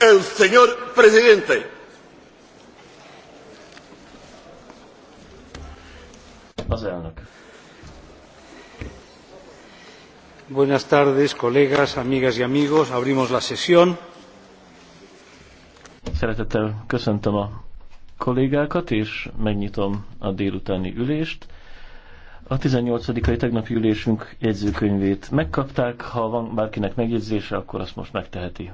el señor presidente. Az elnök. Buenas tardes, colegas, amigas y amigos. Abrimos la sesión. Szeretettel köszöntöm a kollégákat, és megnyitom a délutáni ülést. A 18-ai tegnapi ülésünk jegyzőkönyvét megkapták, ha van bárkinek megjegyzése, akkor azt most megteheti.